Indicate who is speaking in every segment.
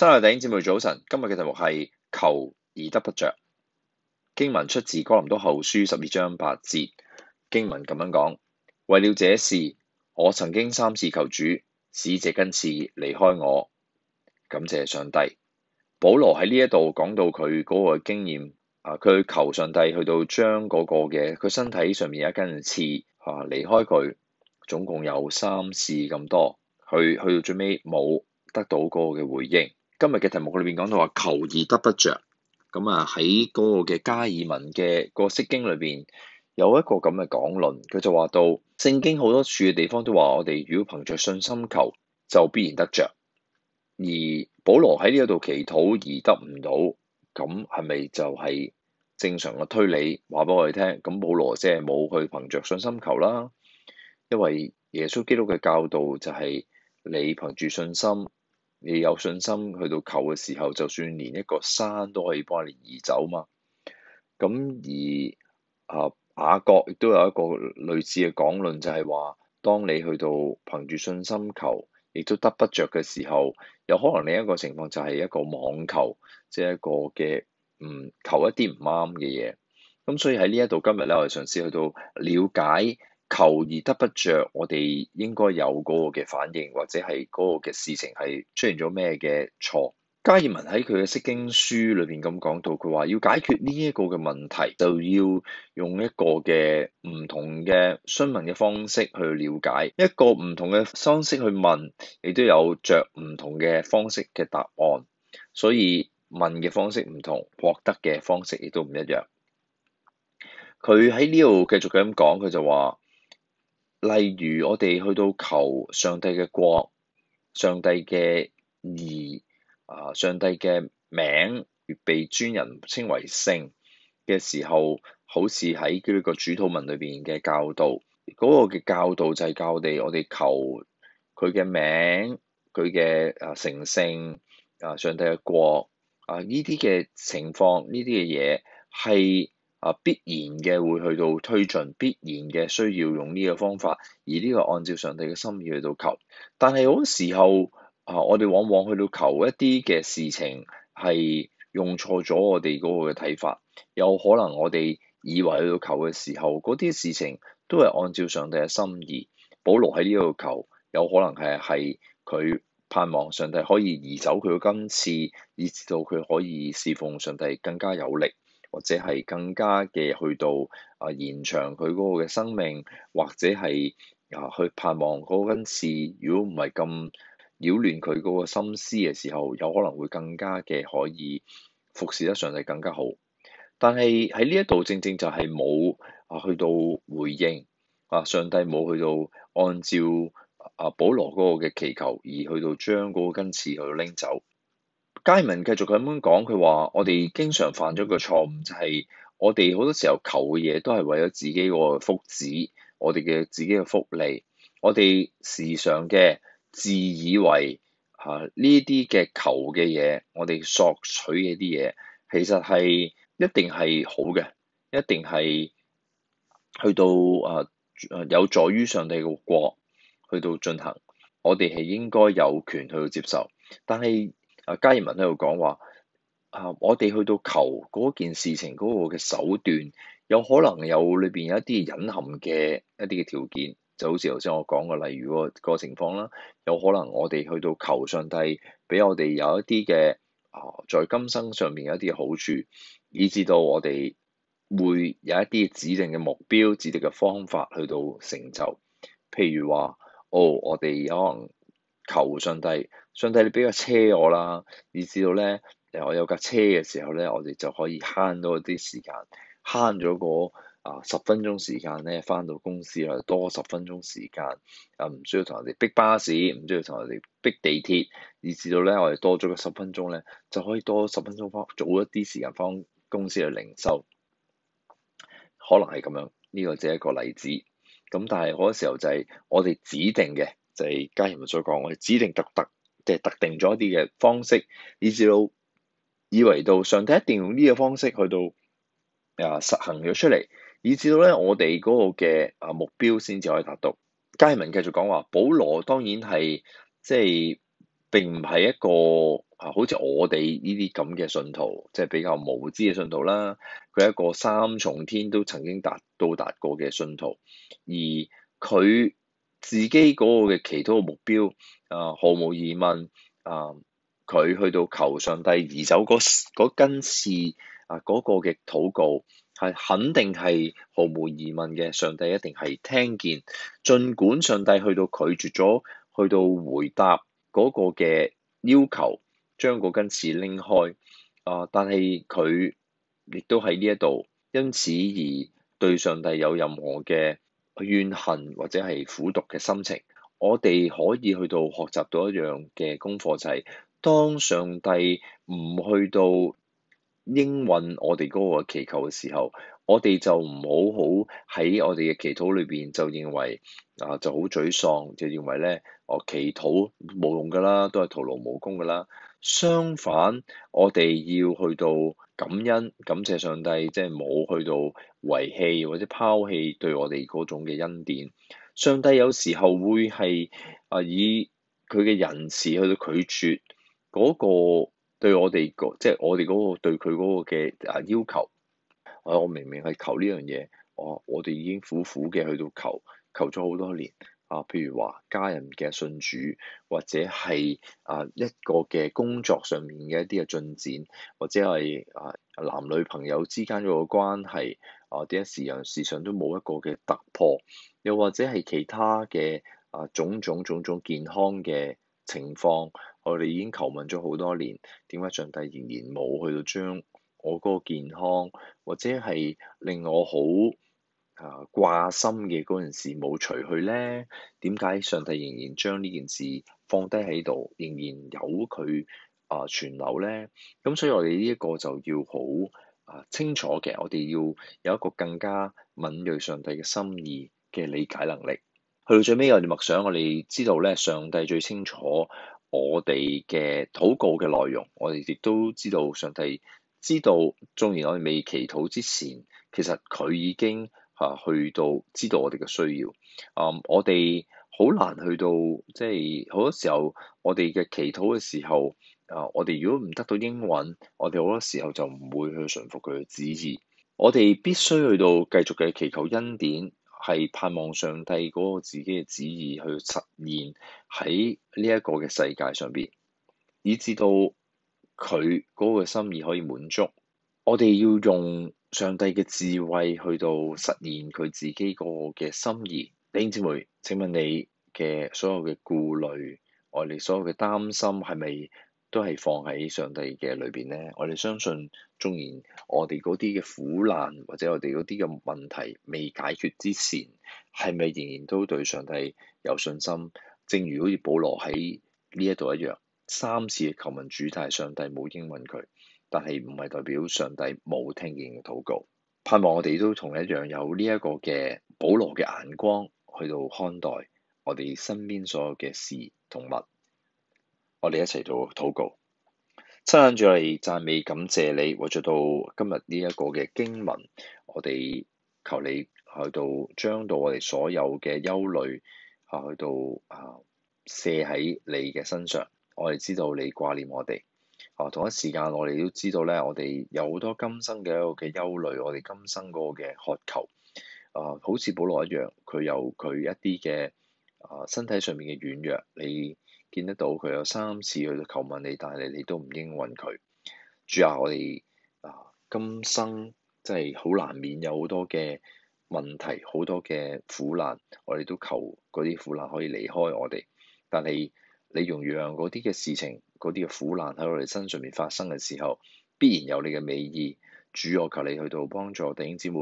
Speaker 1: 新亞頂節目早晨，今日嘅題目係求而得不着。經文出自《哥林多後書》十二章八節。經文咁樣講：為了這事，我曾經三次求主使這根刺離開我。感謝上帝。保羅喺呢一度講到佢嗰個經驗啊，佢求上帝去到將嗰個嘅佢身體上面有一根刺啊離開佢，總共有三次咁多，佢去到最尾冇得到嗰個嘅回應。今日嘅題目裏邊講到話求而得不着，咁啊喺嗰個嘅加爾文嘅個釋經裏邊有一個咁嘅講論，佢就話到聖經好多處嘅地方都話我哋如果憑着信心求就必然得着，而保羅喺呢一度祈禱而得唔到，咁係咪就係正常嘅推理？話俾我哋聽，咁保羅即係冇去憑着信心求啦，因為耶穌基督嘅教導就係你憑住信心。你有信心去到求嘅時候，就算連一個山都可以幫你移走嘛？咁而啊，雅各亦都有一個類似嘅講論，就係話，當你去到憑住信心求，亦都得不着嘅時候，有可能另一個情況就係一個妄求，即係一個嘅唔求一啲唔啱嘅嘢。咁所以喺呢一度今日咧，我哋嘗試去到了解，求而得不着，我哋應該有嗰個嘅反應，或者係嗰個嘅事情係出現咗咩嘅錯？加爾文喺佢嘅《釋經書》裏邊咁講到，佢話要解決呢一個嘅問題，就要用一個嘅唔同嘅詢問嘅方式去了解，一個唔同嘅方式去問，亦都有着唔同嘅方式嘅答案。所以問嘅方式唔同，獲得嘅方式亦都唔一樣。佢喺呢度繼續咁講，佢就話。例如我哋去到求上帝嘅國、上帝嘅義啊、上帝嘅名被尊人稱為聖嘅時候，好似喺佢呢個主禱文裏邊嘅教導，嗰、那個嘅教導就係教我哋我哋求佢嘅名、佢嘅啊，成聖啊，上帝嘅國啊，呢啲嘅情況呢啲嘅嘢係。啊，必然嘅會去到推進，必然嘅需要用呢個方法，而呢個按照上帝嘅心意去到求。但係好多時候，啊，我哋往往去到求一啲嘅事情，係用錯咗我哋嗰個嘅睇法。有可能我哋以為去到求嘅時候，嗰啲事情都係按照上帝嘅心意。保羅喺呢度求，有可能係係佢盼望上帝可以移走佢嘅金翅，以至到佢可以侍奉上帝更加有力。或者係更加嘅去到啊延長佢嗰個嘅生命，或者係啊去盼望嗰根刺，如果唔係咁擾亂佢嗰個心思嘅時候，有可能會更加嘅可以服侍得上帝更加好。但係喺呢一度正正就係冇啊去到回應啊，上帝冇去到按照啊保羅嗰個嘅祈求而去到將嗰根刺去到拎走。佳文繼續佢咁樣講，佢話：我哋經常犯咗個錯誤，就係、是、我哋好多時候求嘅嘢都係為咗自己個福祉，我哋嘅自己嘅福利，我哋時常嘅自以為嚇呢啲嘅求嘅嘢，我哋索取嘅啲嘢，其實係一定係好嘅，一定係去到啊有助於上帝嘅國去到進行，我哋係應該有權去接受，但係。啊，嘉爾文喺度講話，啊，我哋去到求嗰件事情嗰個嘅手段，有可能有裏邊有一啲隱含嘅一啲嘅條件，就好似頭先我講個例如、嗰個、嗰個情況啦，有可能我哋去到求上帝，俾我哋有一啲嘅喎，在今生上面有一啲嘅好處，以至到我哋會有一啲指定嘅目標、指定嘅方法去到成就，譬如話，哦，我哋有可能。求上帝，上帝你俾架車我啦，以至到咧，誒我有架車嘅時候咧，我哋就可以慳多啲時間，慳咗個啊十、呃、分鐘時間咧，翻到公司去多十分鐘時間，誒、啊、唔需要同人哋逼巴士，唔需要同人哋逼地鐵，以至到咧我哋多咗個十分鐘咧，就可以多十分鐘翻早一啲時間翻公司去零售，可能係咁樣，呢個只係一個例子，咁但係嗰個時候就係我哋指定嘅。就係加爾文所講，我哋指定特特，即係特定咗一啲嘅方式，以至到以為到上帝一定用呢個方式去到啊實行咗出嚟，以至到咧我哋嗰個嘅啊目標先至可以達到。加爾文繼續講話，保羅當然係即係並唔係一個啊，好似我哋呢啲咁嘅信徒，即係比較無知嘅信徒啦。佢係一個三重天都曾經達到達過嘅信徒，而佢。自己嗰個嘅祈禱嘅目標，啊，毫無疑問，啊，佢去到求上帝移走嗰根刺，啊，嗰個嘅禱告係肯定係毫無疑問嘅，上帝一定係聽見，儘管上帝去到拒絕咗，去到回答嗰個嘅要求，將嗰根刺拎開，啊，但係佢亦都喺呢一度，因此而對上帝有任何嘅。怨恨或者係苦毒嘅心情，我哋可以去到學習到一樣嘅功課，就是，就係當上帝唔去到應允我哋嗰個祈求嘅時候，我哋就唔好好喺我哋嘅祈禱裏邊就認為啊，就好沮喪，就認為咧，我祈禱冇用噶啦，都係徒勞無功噶啦。相反，我哋要去到。感恩，感謝上帝，即係冇去到遺棄或者拋棄對我哋嗰種嘅恩典。上帝有時候會係啊，以佢嘅仁慈去到拒絕嗰個對我哋即係我哋嗰個對佢嗰個嘅啊要求。我、啊、我明明係求呢樣嘢，我我哋已經苦苦嘅去到求，求咗好多年。啊，譬如話家人嘅信主，或者係啊一個嘅工作上面嘅一啲嘅進展，或者係啊男女朋友之間嗰個關係，啊點解自然時常都冇一個嘅突破，又或者係其他嘅啊種種種種健康嘅情況，我哋已經求問咗好多年，點解上帝仍然冇去到將我嗰個健康，或者係令我好？啊，掛心嘅嗰件事冇除去咧，點解上帝仍然將呢件事放低喺度，仍然有佢啊存留咧？咁所以我哋呢一個就要好啊清楚嘅，我哋要有一個更加敏銳上帝嘅心意嘅理解能力。去到最尾，我哋默想，我哋知道咧，上帝最清楚我哋嘅禱告嘅內容，我哋亦都知道上帝知道，縱然我哋未祈禱之前，其實佢已經。啊，去到知道我哋嘅需要，啊、um,，我哋好難去到，即係好多時候，我哋嘅祈禱嘅時候，啊、uh,，我哋如果唔得到應允，我哋好多時候就唔會去順服佢嘅旨意。我哋必須去到繼續嘅祈求恩典，係盼望上帝嗰個自己嘅旨意去實現喺呢一個嘅世界上邊，以至到佢嗰個心意可以滿足。我哋要用。上帝嘅智慧去到實現佢自己嗰個嘅心意，弟兄姊妹，請問你嘅所有嘅顧慮，我哋所有嘅擔心係咪都係放喺上帝嘅裏邊咧？我哋相信，縱然我哋嗰啲嘅苦難或者我哋嗰啲嘅問題未解決之前，係咪仍然都對上帝有信心？正如好似保羅喺呢一度一樣，三次嘅求問主題，上帝冇應允佢。但係唔係代表上帝冇聽見嘅禱告，盼望我哋都同一樣有呢一個嘅保羅嘅眼光去到看待我哋身邊所有嘅事同物。我哋一齊到禱告，親近住你讚美感謝你，為咗到今日呢一個嘅經文，我哋求你去到將到我哋所有嘅憂慮啊去到啊卸喺你嘅身上，我哋知道你掛念我哋。同一時間我哋都知道咧，我哋有好多今生嘅一個嘅憂慮，我哋今生嗰個嘅渴求。啊，好似保羅一樣，佢有佢一啲嘅啊身體上面嘅軟弱，你見得到佢有三次去求問你，但係你你都唔應允佢。注意下我哋啊，今生即係好難免有好多嘅問題，好多嘅苦難，我哋都求嗰啲苦難可以離開我哋。但係你，你用唔用嗰啲嘅事情？嗰啲嘅苦難喺我哋身上面發生嘅時候，必然有你嘅美意，主我求你去到幫助弟兄姊妹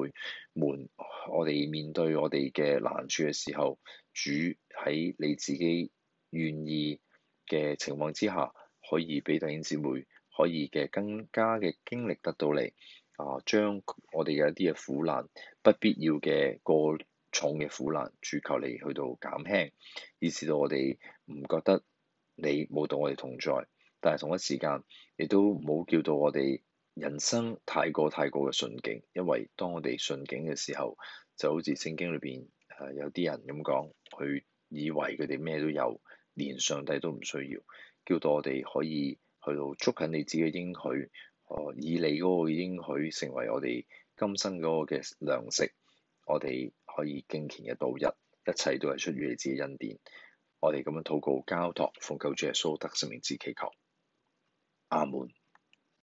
Speaker 1: 們，我哋面對我哋嘅難處嘅時候，主喺你自己願意嘅情況之下，可以俾弟兄姊妹可以嘅更加嘅經歷得到你啊，將我哋有一啲嘅苦難，不必要嘅過重嘅苦難，主求你去到減輕，以致到我哋唔覺得。你冇同我哋同在，但係同一時間，亦都冇叫到我哋人生太過太過嘅順境，因為當我哋順境嘅時候，就好似聖經裏邊誒有啲人咁講，佢以為佢哋咩都有，連上帝都唔需要，叫到我哋可以去到捉緊你自己嘅應許，以你嗰個應許成為我哋今生嗰個嘅糧食，我哋可以敬虔嘅度日，一切都係出於你自己恩典。我哋咁樣禱告交託，奉救主耶穌得勝名字祈求，阿門。